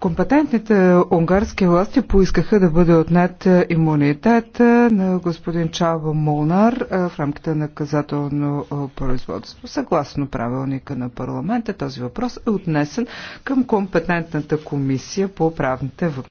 Компетентните унгарски власти поискаха да бъде отнет имунитет на господин Чава Молнар в рамките на наказателно производство. Съгласно правилника на парламента, този въпрос е отнесен към компетентната комисия по правните въпроси.